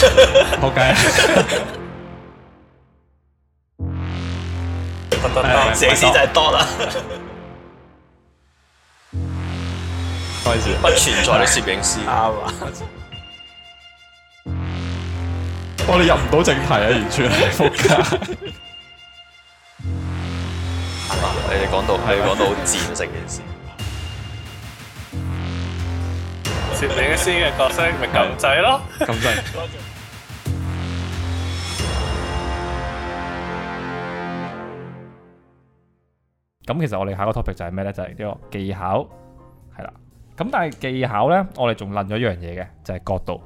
是是 好計，攝影師就係多啦，不存在嘅攝影師，我哋入唔到正題啊，完全係複計，係你哋講到係講到戰成件事、嗯，攝、嗯、影師嘅角色咪狗仔咯，狗仔。咁其實我哋下一個 topic 就係咩呢？就係、是、呢個技巧係啦。咁但係技巧呢，我哋仲論咗一樣嘢嘅，就係、是、角度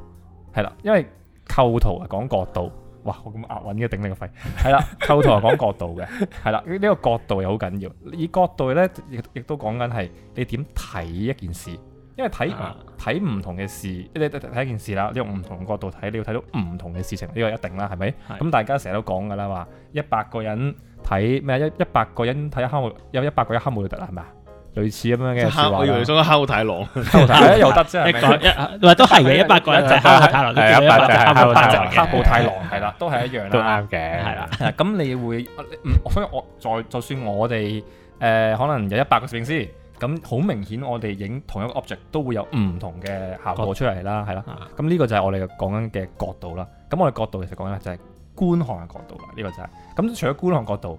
係啦。因為構圖係，講角度，哇，我咁押韻嘅，頂你個肺係啦。構圖係，講角度嘅係啦。呢、 呢個角度又好緊要，以角度呢，亦亦都講緊係你點睇一件事。因為睇睇唔同嘅事，睇一件事啦，你用唔同角度睇，你要睇到唔同嘅事情，呢個一定啦，係咪？咁是的 大家成日都講噶啦，話一百個人睇咩？一百一百個人睇黑無有，一百個一黑就得啦，係咪？類似咁樣嘅。我原來想黑無太狼，又得啫，一唔係都係嘅，一百個人就黑無太狼，黑無太狼，黑無係啦，都係一樣啦，都啱嘅，係啦是的。咁、 嗯、你會，Lev, 所以我再就算我哋誒，可能有一百個攝影師。咁好明顯，我哋影同一個 object 都會有唔同嘅效果出嚟啦，係啦。咁呢個就係我哋講緊嘅角度啦。咁我哋角度其實講緊就係觀看嘅角度啦，呢、呢個就係、是。咁除咗觀看角度，誒、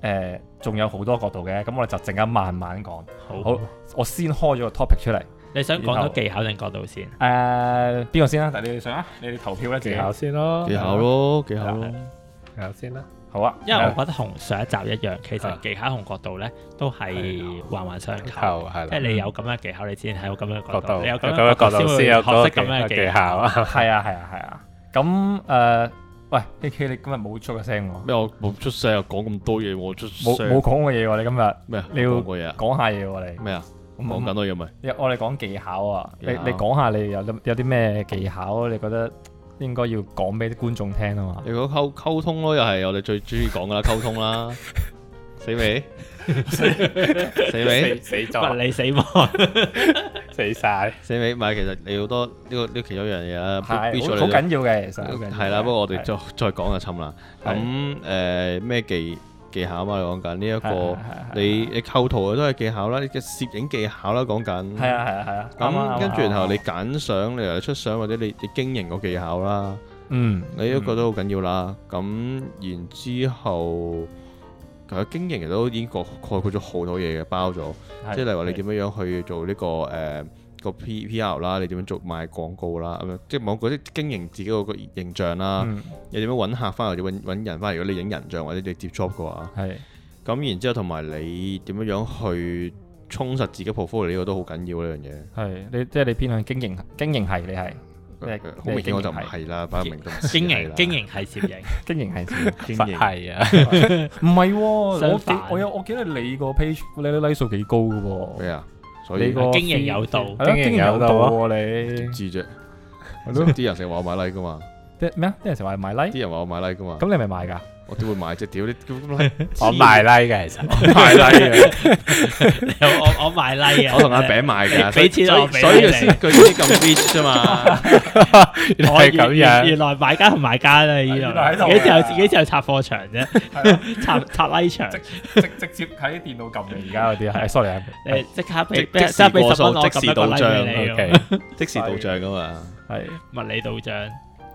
呃、仲有好多角度嘅。咁我哋就陣間慢慢講。好，好好我先開咗個 topic 出嚟。你想講多技巧定角度先？誒，邊、呃、個先啊？但係你哋想啊？你哋投票咧，技巧先咯，技巧咯好技巧，技巧咯，技巧先啦、啊。好啊，因為我覺得同上一集一樣，其實技巧同角度咧都係環環相扣，係啦。即係你有咁樣技巧，你先係有咁樣角度；你有咁樣角度，先有學識咁樣技巧。係啊，係啊，係啊。咁誒，喂，K K，你今日冇出個聲喎？咩？我冇出聲又講咁多嘢，我出冇冇講過嘢喎？你今日咩？你要講過嘢？講下嘢喎你？咩啊？講緊多嘢咪？我哋講技巧啊！你你講下你有啲有啲咩技巧？你覺得？應該要講俾啲觀眾聽啊嘛，如果溝溝通咯，又係我哋最鍾意講㗎啦，溝通啦， 死未？ 死未，死咗，你 死亡，死晒！死未，唔係其實你好多呢個呢個其中一樣嘢，啊是，好緊很就要嘅，其實係啦，不過是我哋再的再講下，侵啦的，咁誒咩技？技巧，嘛你、呢個、啊你講緊呢一個你你構圖嘅都係技巧啦，你嘅攝影技巧啦講緊。係啊，係啊，係啊。咁跟住然後你揀相，哦、你又出相或者你你經營個技巧啦。嗯，呢一個都好緊要啦。咁、嗯、然之後，其實經營其實都已經蓋概括咗好多嘢嘅，包咗，即係例如話你點樣樣去做呢、呢個誒。的個 p p r 啦，PR，你點樣做賣廣告啦，咁樣即係我嗰啲經營自己個形象啦，嗯、你點樣搵客翻或者搵人翻？如果你影人像或者你接 job 嘅話，係咁然之後同埋你點樣樣去充實自己 portfolio 呢個都好緊要呢樣嘢。係你即係、就是、你偏向經營，經營係你，呃、你，你營係，好明顯我就唔係啦，擺明都經營，經營係攝影，經營係攝影，係啊，唔係、啊、我我有我，我，我記得你個 page 你啲 like 數幾高嘅喎咩啊？你個經營有道，吧經營有道喎、啊、你，點知啫？我啲 人成日話我買 like 噶嘛，即係咩啊？啲人成日話買 like，啲人話我買 like 噶嘛，咁你係咪買㗎？我都會買，即係屌你，我賣拉嘅，其實，我賣拉嘅，我我賣拉嘅，我同阿餅賣嘅，俾錢我，所以先佢先咁 witch 啫嘛。原來係咁樣，原來買家同賣家啦呢度，幾時又幾時又拆貨場啫？拆拆拉場，直直直接喺電腦撳嘅，而家嗰啲係，sorry，誒，即刻俾，即時過數，即時到賬，ok，即時到賬噶嘛，係物理到賬。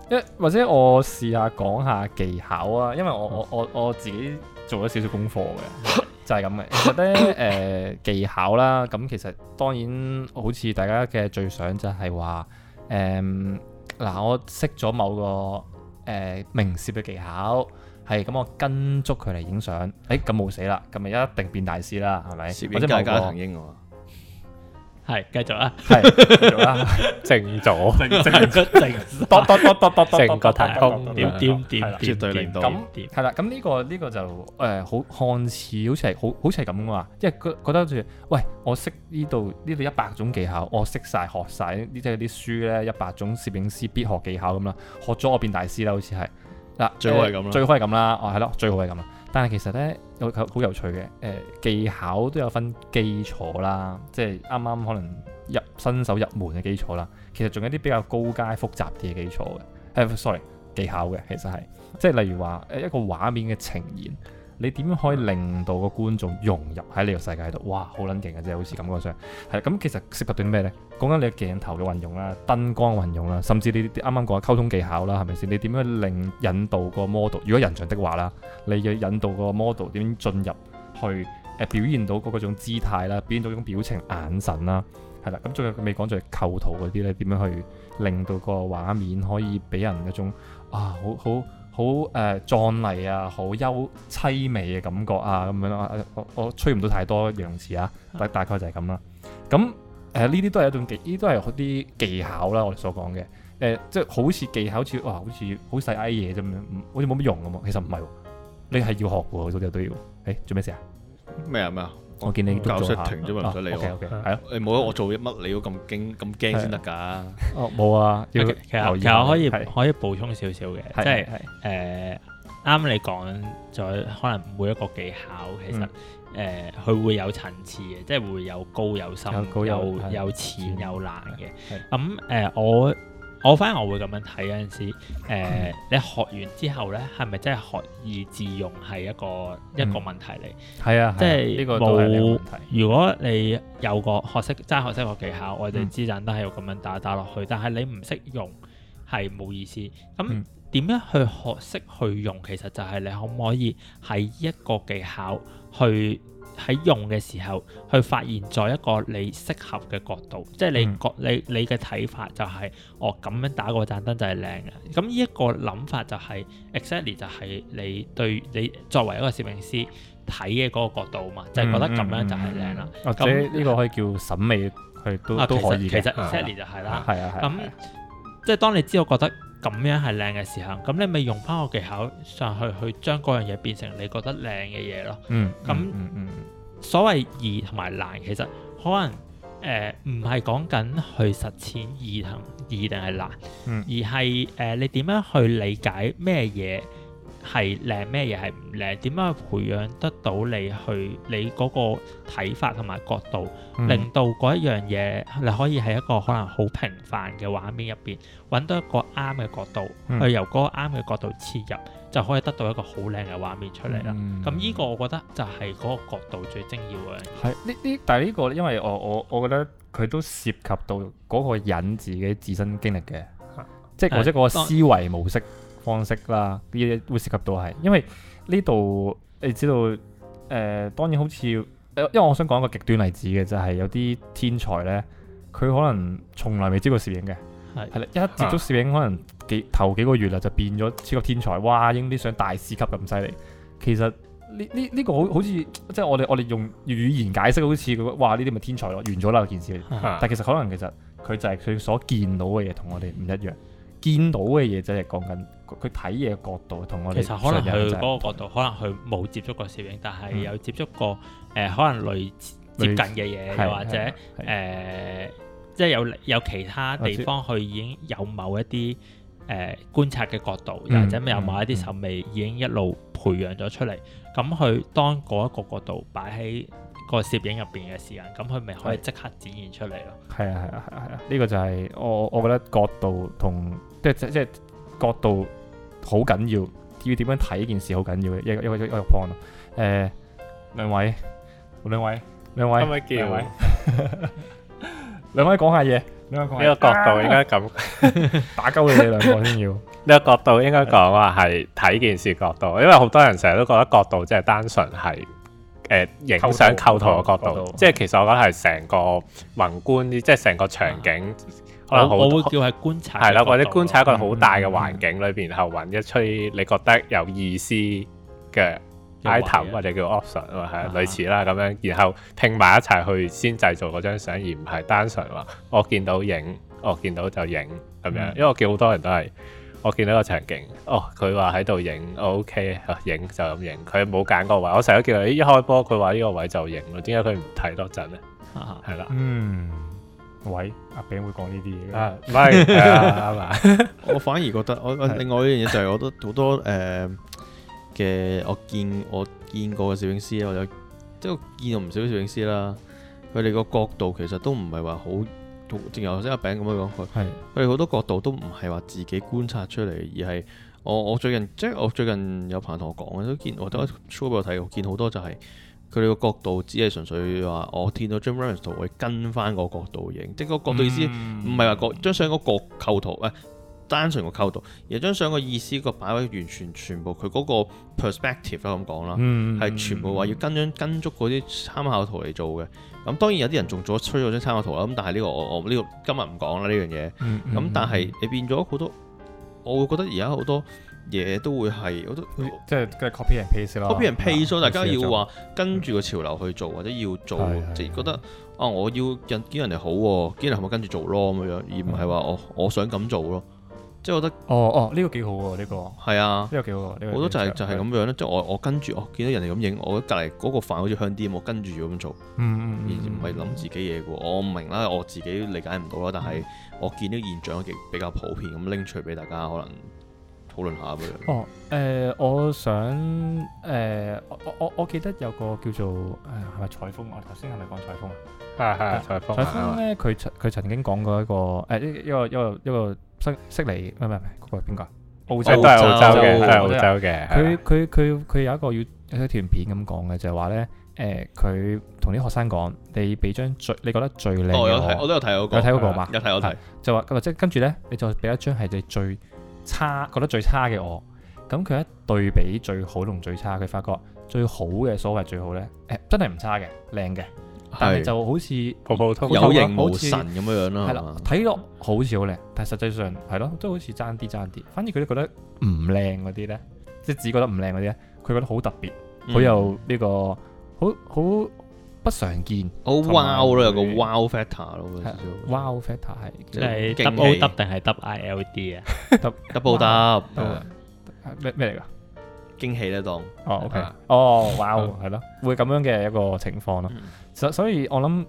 一或者我試下講下技巧啊，因為我、嗯、我我我自己做咗少少功課嘅，就係咁嘅。其實咧、呃、技巧啦，咁其實當然好似大家嘅最想就係話誒，嗱，我識咗某個誒、呃、名攝嘅技巧，係咁我跟足佢嚟影相，誒咁冇死啦，咁咪一定變大師啦，係咪？或者佳佳騰英係，繼續啊！係做啦，靜咗，靜靜咗，靜，噹噹噹噹噹，靜個太空，點點點點，絕對領導，咁點？係啦，咁呢個呢個就誒，好看似好似係好好似係咁噶嘛，即係佢覺得住，喂，我識呢度呢度一百種技巧，我識曬學曬呢即係啲書咧一百種攝影師必學技巧咁啦，學咗我變大師啦，好似係嗱，最好係咁啦，最好係咁啦，哦係咯，最好係咁啊！但係其實咧，我好，好有趣嘅誒、呃、技巧都有分基礎啦，即係啱啱可能入新手入門嘅基礎啦。其實仲有啲比較高階複雜啲嘅基礎嘅，誒、呃、sorry 技巧嘅其實係即係例如話誒、呃、一個畫面嘅呈現。你點樣可以令到個觀眾融入喺你個世界度？哇，好撚勁嘅啫，好似感覺上係啦。咁其實涉及到啲咩呢？講緊你嘅鏡頭嘅運用啦、燈光嘅運用啦，甚至你啱啱講嘅溝通技巧啦，係咪先？你點樣令引導個 model？如果人像的話啦，你要引導個 model 點進入去誒表現到嗰種姿態啦，表現到嗰種表情、眼神啦，係啦。咁仲有未講就係構圖嗰啲咧，點樣去令到個畫面可以俾人一種啊好好。好好誒、呃、壯麗啊，好幽淒美嘅感覺啊，咁樣啦、啊，我我，我吹唔到太多形容詞啊，大大概就係咁啦。咁誒呢啲都係一種技，呢都係啲技巧啦、啊，我哋所講嘅誒，即係好似技巧，好似哇，好似好細嘅嘢啫，唔好似冇乜用咁喎。其實唔係、啊，你係要學嘅，到時都要。誒做咩事啊？咩啊咩啊？我見你教識停啫嘛，唔使理我。係啊，你冇得我做乜你要咁驚咁驚先得㗎。哦，冇啊，其實其實可以可以補充少少嘅。即係誒啱你講咗，可能每一個技巧其實誒佢會有層次嘅，即係會有高有深，有有淺有難嘅。咁誒我。我反而我會咁樣睇嗰陣時，呃嗯、你學完之後呢，係咪真係學以致用係一個、嗯、一個問題嚟？係啊、嗯，即係呢個都係。如果你有個學識，齋學識個技巧，我哋資產都係要咁樣打打落去。但係你唔識用，係冇意思。咁點、嗯、樣去學識去用？其實就係你可唔可以喺一個技巧去，喺用嘅時候，去發現咗一個你適合嘅角度，即係你覺你你嘅睇法就係、是，哦咁樣打個盞燈就係靚嘅。咁呢一個諗法就係、是、exactly 就係你對你作為一個攝影師睇嘅嗰個角度嘛，就係、是、覺得咁樣就係靚啦。或者呢個可以叫審美去都、嗯、都可以嘅。exactly 就係啦，係啊係啊。咁即係當你知道我覺得。咁樣係靚嘅時候，咁你咪用翻個技巧上去去將嗰樣嘢變成你覺得靚嘅嘢咯。嗯那嗯。嗯，咁、嗯、所謂易同埋難，其實可能誒唔係講緊去實踐易同易定係難，嗯、而係誒、呃、你點樣去理解咩嘢？係靚咩嘢，係唔靚？點樣培養得到你去你嗰個睇法、同埋角度，嗯、令到嗰一樣嘢你可以喺一個可能好平凡嘅畫面入邊，揾到一個啱嘅角度，嗯、去由嗰個啱嘅角度切入，就可以得到一個好靚嘅畫面出嚟啦。咁呢、嗯、個我覺得就係嗰個角度最精要嘅。係呢呢，但係呢個因為我我我覺得佢都涉及到嗰個人自己自身經歷嘅，即係或者嗰個思維模式。方式啦，呢啲嘢會涉及到係，因為呢度你知道，誒、呃、當然好似，因為我想講一個極端例子嘅就係、是、有啲天才咧，佢可能從來未接過攝影嘅，係啦是，一接觸攝影、嗯、可能幾頭幾個月啦就變咗超級天才，哇影啲相大師級咁犀利，其實呢呢呢個好好似即係我哋我哋用語言解釋好似，佢哇呢啲咪天才咯，完咗啦件事，嗯、但其實可能其實佢就係佢所見到嘅嘢同我哋唔一樣。見到嘅嘢就係講緊佢睇嘢角度同，同我哋其實可能佢嗰個角度，可能佢冇接觸過攝影，但係有接觸過誒、嗯呃，可能類接近嘅嘢，似又或者誒、呃，即係有有其他地方佢已經有某一啲誒、呃、觀察嘅角度，又或者有某一啲審美已經一路，嗯嗯嗯培養咗出嚟，咁佢當嗰一個角度擺喺個攝影入邊嘅時間，咁佢咪可以即刻展現出嚟咯？係啊係啊係啊係啊！呢個就係我我覺得角度同即即即角度好緊要，要點樣睇呢件事好緊要嘅。一個一個一個 point 誒，兩位兩位兩位可唔可以叫兩位，兩位講下嘢。呢個角度應該咁、啊、打溝，你哋兩個先要呢個角度應該講話係睇件事角度，因為好多人成日都覺得角度即係單純係誒影相構圖嘅角度，角度即係其實我覺得係成個宏觀，啊、即係成個場景可能，啊、我，我，我會叫係觀察，係啦，或者觀察一個好大嘅環境裏邊，嗯嗯、然後搵一出你覺得有意思嘅。item 或者叫 option 啊，係、啊、類似啦咁樣，然後拼埋一齊去先製造嗰張相，而唔係單純話我見到影，我見到就影咁樣。啊、因為我見好多人都係，我見到個場景，哦，佢話喺度影，我 OK 影就咁影。佢冇揀個位，我成日都見到，咦，一開波佢話呢個位就影咯，點解佢唔睇多陣咧？係啦、啊，的嗯，喂，阿炳會講呢啲嘢啊？唔係 啊， 我反而覺得我另外一樣嘢就係，我都好多誒。呃 嘅我見我見過嘅攝影師咧，我有即我見過唔少攝影師啦，佢哋個角度其實都唔係話好，正如阿餅咁樣講佢，係佢哋好多角度都唔係話自己觀察出嚟，而係我我最近即係我最近有朋友同我講嘅，都見我都 show 俾我睇，我見好多就係佢哋個角度只係純粹話我見到 James Ransom 圖，會跟翻個角度影，即係個角度意思唔係話個、嗯、張相個角構圖啊。哎單純個構圖，而張相個意思個擺位完全全部佢嗰個 perspective 啦咁講啦，係、嗯、全部話要跟張跟足嗰啲參考圖嚟做嘅。咁、嗯、當然有啲人仲再吹咗張參考圖啦。咁但係呢個我我呢、呢個今日唔講啦呢樣嘢。咁、嗯嗯嗯、但係你變咗好多，我會覺得而家好多嘢都會係，我都、嗯、多即係 copy and paste 咯，copy and paste 咗、啊，so、大家要話跟住個潮流去做或者要做，即係覺得啊我要引見人哋好，見人係咪跟住做咯咁樣，而唔係話我我想咁做咯。嗯嗯即我覺得，哦哦，呢個幾好喎，呢個係啊，呢個幾好喎，呢個好多就係就係咁樣咧。即係我我跟住，我見到人哋咁影，我隔離嗰個飯好似香啲咁，我跟住咁做。嗯嗯唔係諗自己嘢嘅喎。我唔明啦，我自己理解唔到啦，但係我見呢個現象極比較普遍，咁拎出嚟俾大家可能討論下嘅。哦，誒，我想誒，我我我記得有個叫做誒係咪彩風？我頭先係咪講彩風啊？係係彩風。彩風咧，佢佢曾經講過一個誒一個一個一個。西悉尼唔係，唔係，唔係邊個？澳洲都係澳洲嘅，係澳洲嘅。佢佢佢佢有一個要有一段片咁講嘅，就係話咧，誒、呃，佢同啲學生講，你俾張最你覺得最靚嘅我，哦、有我都有睇嗰、那個，有睇嗰、那個嘛？的吧有睇有睇，就話即係跟住咧，你就俾一張係你最差，覺得最差嘅我。咁佢一對比最好同最差，佢發覺最好嘅，所謂最好咧，誒、欸，真係唔差嘅，靚嘅。但係就好似有形無神咁樣樣咯，係啦，睇落好似好靚。但係實際上係咯，都好似爭啲爭啲。反而佢哋覺得唔靚嗰啲咧，即係只覺得唔靚嗰啲咧，佢覺得好特別，好有呢個好好不常見，好 wow 咯，個 wow factor 咯，少少 wow factor 係即係 w o w 定係 w i l d 啊？w o w 咩，咩嚟噶？驚喜咧檔哦，ok 哦，wow 係咯，會咁樣嘅一個情況咯。所以我，我諗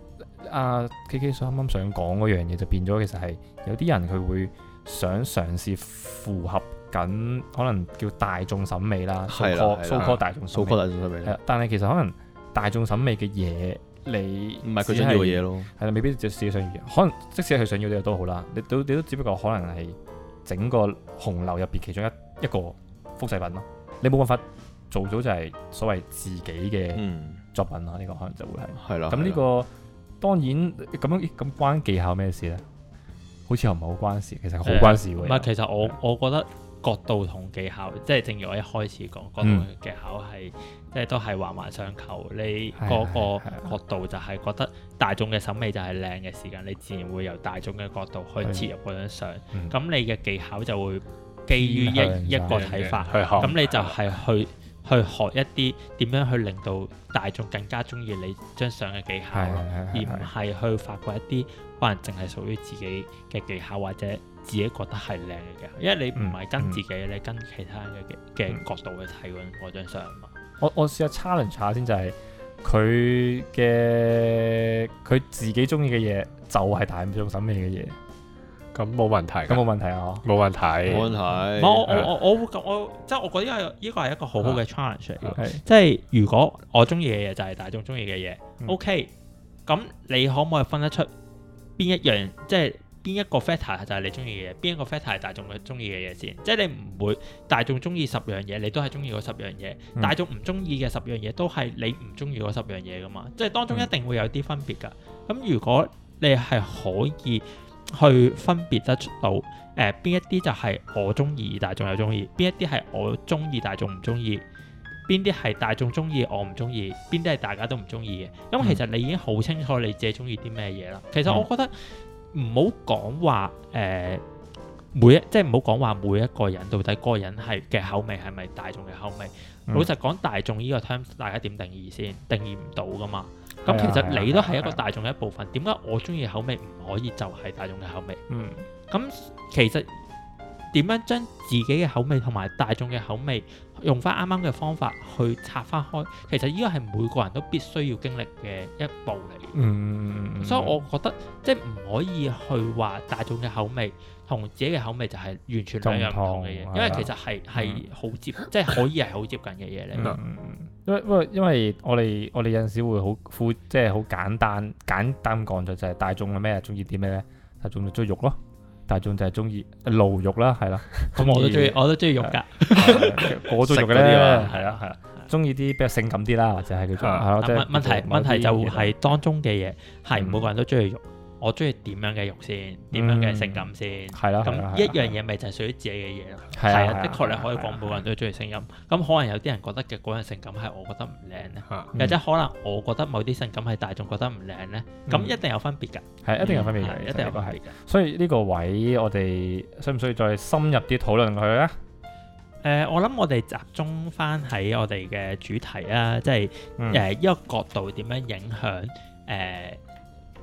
阿 K K 所啱啱想講嗰樣嘢，就變咗其實係有啲人佢會想嘗試符合緊可能叫大眾審美啦 so call, 大眾大眾審美。但係其實可能大眾審美嘅嘢，你唔係佢想要嘅嘢咯。係啊，未必就事實上，可能即使係佢想要嘅都好啦，你都你都，你都只不過可能係整個洪流入邊其中一一個複製品咯。你冇辦法做到就係所謂自己嘅、嗯。作品啊，呢個可能就會係係啦。咁呢個當然咁樣咁關技巧咩事咧？好似又唔係好關事，其實好關事喎。唔係，其實我我覺得角度同技巧，即係正如我一開始講，角度技巧係即係都係環環相扣。你個個角度就係覺得大眾嘅審美就係靚嘅時間，你自然會由大眾嘅角度去切入嗰張相。咁你嘅技巧就會基於一一個睇法。咁你就係去。去學一啲點樣去令到大眾更加中意你張相嘅技巧，是是是是是，而唔係去發掘一啲可能淨係屬於自己嘅技巧，或者自己覺得係靚嘅技巧。因為你唔係跟自己、嗯嗯、你跟其他嘅嘅角度去睇嗰張相嘛。我我試試下 challenge 下先，就係佢嘅佢自己中意嘅嘢，就係大唔中審美嘅嘢。咁冇問，問題，咁冇問題啊！冇問題，冇、嗯、問題。嗯、我我我我會咁，我，我，我，我，我即係我覺得呢個依個係一個好好嘅 challenge 嚟嘅。啊 okay. 即係如果我中意嘅嘢就係大眾中意嘅嘢，OK。咁你可唔可以分得出邊一樣，即係邊一個 factor 就係你中意嘅嘢，邊一個 factor 係大眾嘅中意嘅嘢先？即係你唔會大眾中意十樣嘢，你都係中意嗰十樣嘢。嗯、大眾唔中意嘅十樣嘢，都係你唔中意嗰十樣嘢㗎嘛？即係當中一定會有啲分別㗎。咁如果你係可以。嗯去分別得出到，誒、呃、邊一啲就係我中意，大眾又中意；邊一啲係我中意，大眾唔中意；邊啲係大眾中意，我唔中意；邊啲係大家都唔中意嘅。因為其實你已經好清楚你自己中意啲咩嘢啦。其實我覺得唔好講話誒每一，即係唔好講話每一個人到底嗰個人係嘅口味係咪大眾嘅口味。老實講，大眾依個 term 大家點定義先？定義唔到噶嘛。咁其實你都係一個大眾嘅一部分，點解我中意口味唔可以就係大眾嘅口味？嗯，咁其實。點樣將自己嘅口味同埋大眾嘅口味用翻啱啱嘅方法去拆翻開？其實依個係每個人都必須要經歷嘅一步嚟。嗯，所以我覺得即係唔可以去話大眾嘅口味同自己嘅口味就係完全兩樣唔同嘅嘢，堂因為其實係係好接，即係、嗯、可以係好接近嘅嘢嚟。因為因為因為我哋我哋有陣時會好負，即係好簡單簡單講就係大眾係咩，中意啲咩咧，大眾就中意肉咯。大眾就係中意露肉啦，係啦，咁歡 我都中意，我都中意肉㗎， 我都中肉㗎咧，係啦係啦，中意啲比較性感啲啦，或者係叫做係咯。但問題的問題就係當中嘅嘢係每個人都中意肉。嗯我中意點樣嘅肉先，點樣嘅性感先，係咯。咁一樣嘢咪就係屬於自己嘅嘢咯。係啊，的確你可以講，每個人都中意性感。咁可能有啲人覺得嘅嗰樣性感係我覺得唔靚咧，又或者可能我覺得某啲性感係大眾覺得唔靚咧，咁一定有分別㗎。係，一定有分別㗎，一定都係㗎。所以呢個位我哋需唔需要再深入啲討論佢咧？誒，我諗我哋集中翻喺我哋嘅主題啦，即係誒一個角度點樣影響誒。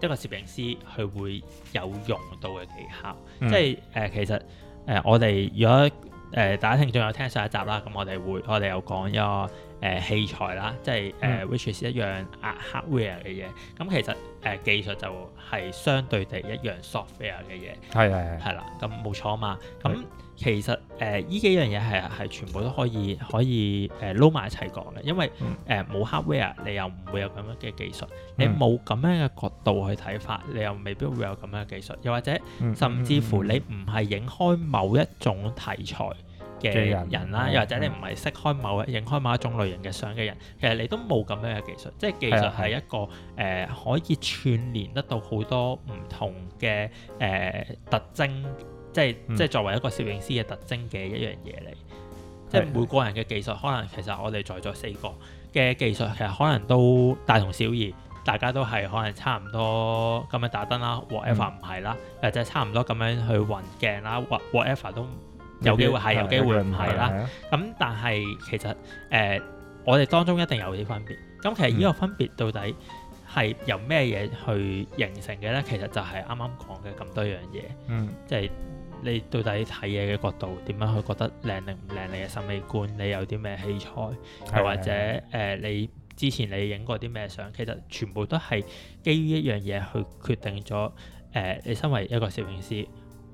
一個攝影師佢會有用到嘅技巧，嗯、即係誒、呃、其實誒我哋如果誒、呃、大家聽眾有聽上一集啦，咁我哋會我哋有講一個誒器材啦，即係誒、呃嗯、which is 一樣 hardware 嘅嘢，咁其實誒、呃、技術就係相對地一樣 software 嘅嘢，係係係啦，咁冇錯啊嘛，咁。其實誒呢、呃、幾樣嘢係係全部都可以可以誒撈埋一齊講嘅，因為誒冇 hardware，你又唔會有咁樣嘅技術；嗯、你冇咁樣嘅角度去睇法，你又未必會有咁樣嘅技術。又或者甚至乎你唔係影開某一種題材嘅人啦，又、嗯嗯嗯、或者你唔係識開某影開某一種類型嘅相嘅人，其實你都冇咁樣嘅技術。即係技術係一個誒、嗯嗯嗯呃、可以串聯得到好多唔同嘅誒、呃、特徵。即係即係作為一個攝影師嘅特徵嘅一樣嘢嚟，嗯、即係每個人嘅技術可能其實我哋在座四個嘅技術其實可能都大同小異，大家都係可能差唔多咁樣打燈啦，whatever 唔係、嗯、啦，或者差唔多咁樣去運鏡啦，whatever 都有機會係必是有機會唔係啦。咁、啊、但係其實誒、呃、我哋當中一定有啲分別。咁其實呢個分別到底係由咩嘢去形成嘅呢？其實就係啱啱講嘅咁多樣嘢，嗯，即係、就是。你到底睇嘢嘅角度，點樣去覺得靚定唔靚？你嘅審美觀，你有啲咩器材，又是的 或者誒、呃，你之前你影過啲咩相？其實全部都係基於一樣嘢去決定咗誒、呃，你身為一個攝影師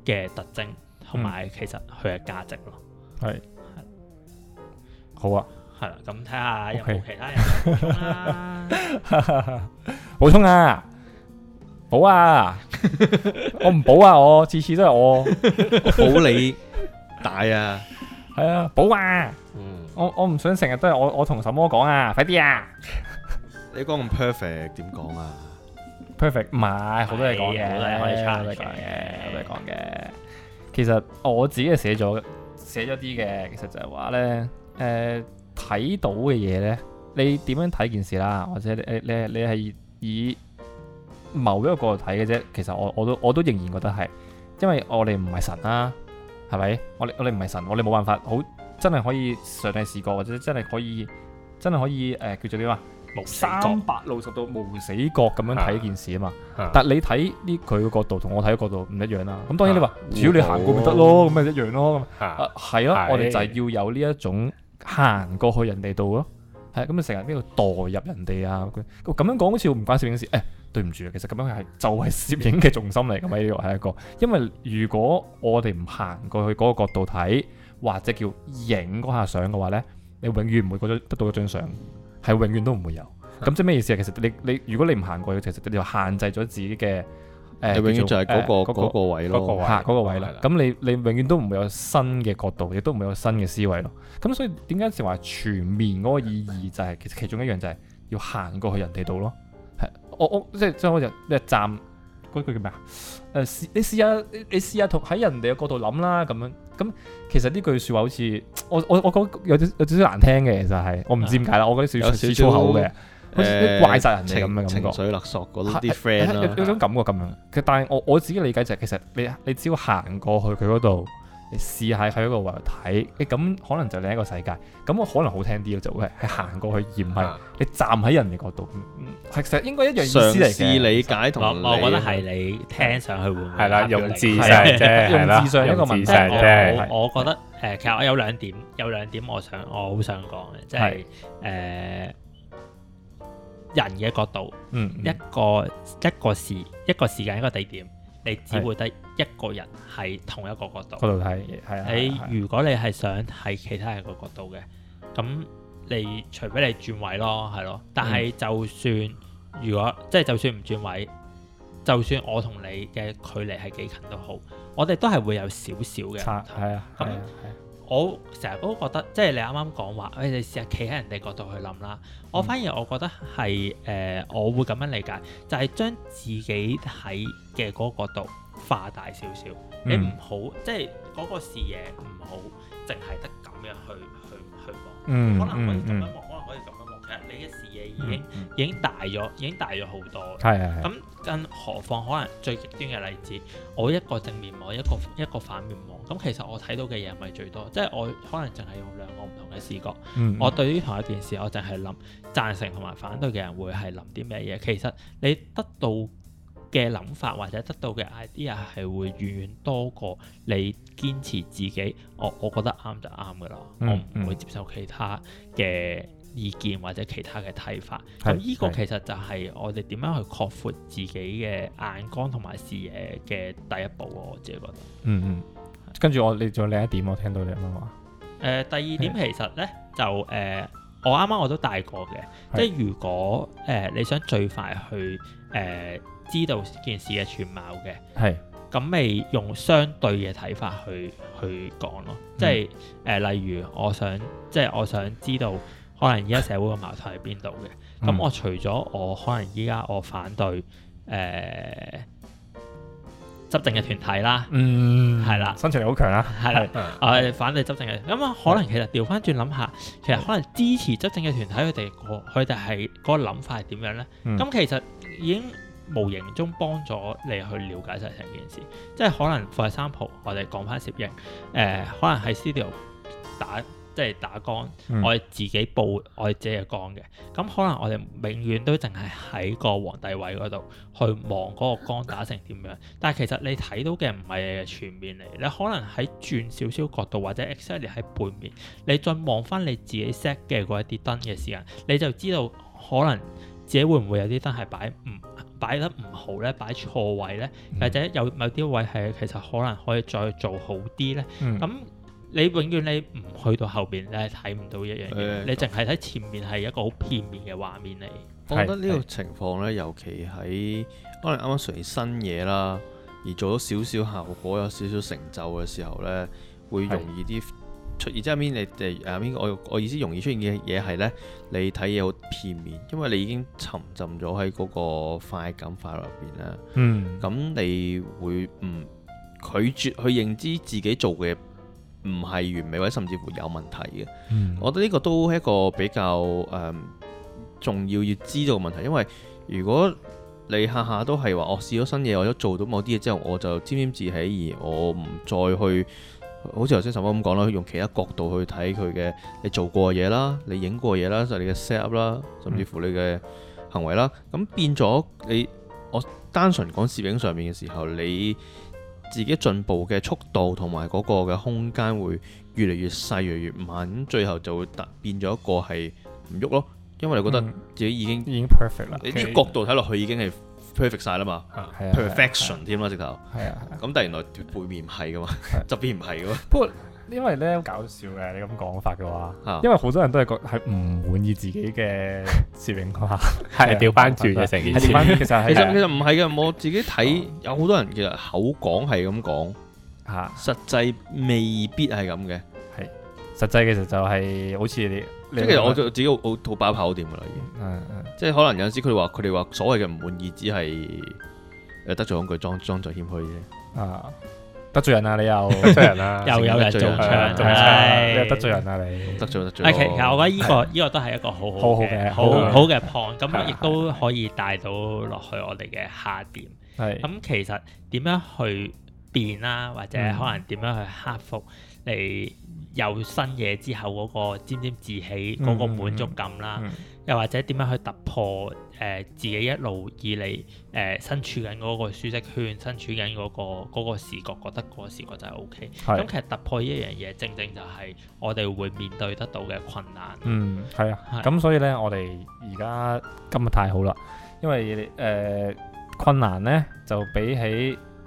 嘅特徵，同埋其實佢嘅價值咯。係、嗯是，好啊，係啦，咁睇下有冇其他人 Okay. 補充啊！ 補啊！我唔補啊！我次次都係我補你大啊！係啊，補啊、嗯！我我唔想成日都係我我同什麼講啊！快啲啊！你講唔、啊、perfect 點講啊？perfect 唔係好多嘢講嘅，好多嘢可以講嘅，好多嘢講嘅。其實我自己係寫咗寫咗啲嘅，其實就係話咧，誒、呃、睇到嘅嘢咧，你點樣睇件事啦？或者你你你係以。某一個角度睇嘅啫，其實我我都我都仍然覺得係，因為我哋唔係神啦，係咪？我哋我哋唔係神，我哋冇辦法好真係可以上帝視覺，或者真係可以真係可以誒叫做點啊？三百六十度無死角咁樣睇一件事啊嘛。但你睇呢佢嘅角度同我睇嘅角度唔一樣啦。咁當然你話，只要你行過咪得咯，咁咪一樣咯。啊，係啊，我哋就係要有呢一種行過去人哋度咯，係咁你成日邊度代入人哋啊？咁樣講好似唔關攝影師事誒。對唔住啊，其實咁樣係就係攝影嘅重心嚟噶嘛，呢個係一個。因為如果我哋唔行過去嗰個角度睇，或者叫影嗰下相嘅話咧，你永遠唔會覺得得到一張相，係永遠都唔會有。咁 即係咩意思啊？其實你你，你如果你唔行過去，其實你就限制咗自己嘅，誒，呃、永遠就係嗰、嗰個、嗰個位嗰個位啦。咁的你你永遠都唔會有新嘅角度，亦都唔會有新嘅思維咯。咁所以點解成話全面嗰個意義就係、是、其實其中一樣就係要行過去人哋度咯。我即係即係我就是，我站嗰句叫咩啊？誒，你試下你你試下同喺人哋嘅角度諗啦，咁樣咁其實呢句說話好似我我我覺得有啲有少少難聽嘅，其實係我唔知點解啦，唉我覺得少少粗口嘅，口呃、好似啲怪晒人哋咁嘅感覺，情緒勒索嗰啲 friend 啦有有種感覺咁樣。但係我我自己理解就係、是，其實你你只要行過去佢嗰度。你試下喺一個位睇，咁、欸、可能就另一個世界，咁我可能好聽啲咯，就係係行過去而唔係你站喺人哋角度。其、嗯、實應該一樣意思嚟嘗試理解同我覺得係你聽上去會唔會係啦？用智商啫，用智商一個問題我我。我覺得誒，的其實我有兩點，有兩點我想我好想講嘅，即係誒人嘅角度，嗯，嗯一，一個一個時一個時間一個地點。你只會得一個人喺同一個角度度睇，係啊！你如果你係想喺其他一個角度嘅，咁你除非你轉位咯，係咯。但係就算如果、嗯、即係就算唔轉位，就算我同你嘅距離係幾近都好，我哋都係會有少少嘅。係啊，係啊。咁我成日都覺得，即係你啱啱講話，誒，你試下企喺人哋角度去諗啦。我反而我覺得係，誒、呃，我會咁樣理解，就係、是、將自己喺嘅嗰個角度化大少少。你唔好，嗯、即係嗰個視野唔好，淨係得咁樣去去去望，嗯、可能我咁樣望。嗯嗯嗯你嘅視野已經、嗯、已經大咗，嗯、已經大咗好多。咁、嗯、更何況，可能最極端嘅例子，我一個正面望，一個一個反面望。咁其實我睇到嘅嘢唔係最多，即係我可能淨係用兩個唔同嘅視角。嗯、我對於同一件事，我淨係諗贊成同埋反對嘅人會係諗啲咩嘢。其實你得到嘅諗法或者得到嘅 idea 係會遠遠多過你堅持自己，我、哦、我覺得啱就啱噶啦，嗯、我唔會接受其他嘅。意見或者其他嘅睇法，咁呢是個其實就係我哋點樣去擴闊自己嘅眼光同埋視野嘅第一步。我自己覺得，嗯嗯，嗯嗯跟住我你仲有另一點，我聽到你咁話誒。第二點其實呢，是就誒、呃，我啱啱我都帶過嘅，是即係如果誒、呃、你想最快去誒、呃、知道件事嘅全貌嘅，係咁咪用相對嘅睇法去去講咯，即係誒、呃。例如我想即係我想知道。可能依家社會嘅矛盾喺邊度嘅？咁、嗯嗯嗯、我除咗我可能依家我反對誒、呃、執政嘅團體啦，嗯，係啦，生存力又好強啊，係啦，誒反對執政嘅。咁、嗯、啊，嗯、可能其實調翻轉諗下，其實可能支持執政嘅團體佢哋、嗰個佢哋係嗰個諗法係點樣咧？咁、嗯嗯、其實已經無形中幫咗你去了解晒成件事，即係可能第三步，我哋講翻攝影，誒、嗯嗯，可能喺 studio 打，打。即係打光，嗯、我哋自己佈，我哋自己嘅光嘅。咁可能我哋永遠都淨係喺個皇帝位嗰度去望嗰個光打成點樣。但係其實你睇到嘅唔係全面嚟，你可能喺轉少少角度，或者 exactly 喺背面，你再望翻你自己 set 嘅嗰一啲燈嘅時間，你就知道可能自己會唔會有啲燈係擺唔擺得唔好咧，擺錯位咧，嗯、或者有某啲位係其實可能可以再做好啲咧。咁、嗯你永遠你唔去到後邊，你係睇唔到一樣嘢。的你淨係睇前面係一個好片面嘅畫面嚟。我覺得呢個情況咧，的尤其喺可能啱啱出新嘢啦，而做咗少少效果、有少少成就嘅時候咧，會容易啲出現。的即係後面你誒，啊，我我意思容易出現嘅嘢係咧，你睇嘢好片面，因為你已經沉浸咗喺嗰個快感快樂入邊啦。嗯。咁你會唔拒絕去認知自己做嘅唔係完美或者甚至乎有問題嘅，嗯、我覺得呢個都係一個比較誒、嗯、重要要知道嘅問題，因為如果你下下都係話，我試咗新嘢，或者做到某啲嘢之後，我就沾沾自喜，而我唔再去，好似頭先什麼咁講啦，用其他角度去睇佢嘅你做過嘅嘢啦，你影過嘅嘢啦，就係你嘅 set up 啦，甚至乎你嘅行為啦，咁、嗯、變咗你，我單純講攝影上面嘅時候你。自己進步嘅速度同埋嗰個嘅空間會越嚟越細、越嚟越慢，咁最後就會突變咗一個係唔喐咯，因為你覺得自己已經、嗯、已經 perfect 啦，你啲角度睇落去已經係實、啊啊、perfect 曬啦嘛，perfection 添啦直頭、啊，咁但係原來背面唔係噶嘛，側邊唔係噶嘛。 因為呢搞笑嘅，你咁講法嘅話，啊、因為好多人都係覺係唔滿意自己嘅攝影框，係調翻轉嘅成件事。 其實其實唔係嘅，我自己睇、哦、有好多人其實口講係咁講，嚇、啊，實際未必係咁嘅。係、啊，實際其實就係好似你，即係其實我自己好好擺拋點嘅啦，已經。嗯嗯、即係可能有時佢哋話佢哋話所謂嘅唔滿意，只係誒得罪咁句裝裝，裝作謙虛啫。啊、嗯。得罪人啊！你又得罪人啦，又有人中槍，中槍，你又得罪人啊！你得罪得罪。其實我覺得呢個依個都係一個好好嘅好好嘅好好嘅 point，咁亦都可以帶到落去我哋嘅下點。係咁，其實點樣去變啦，或者可能點樣去克服你有新嘢之後嗰個沾沾自喜嗰、嗯、個滿足感啦，嗯嗯、又或者點樣去突破誒、呃、自己一路以嚟誒、呃、身處緊嗰個舒適圈，身處緊嗰、嗰個嗰、嗰個視覺覺得嗰個視覺就係 OK。咁是其實突破呢一樣嘢，正正就係我哋會面對得到嘅困難。嗯，係啊。咁是所以呢，我哋而家今日太好啦，因為誒、呃、困難呢，就比起。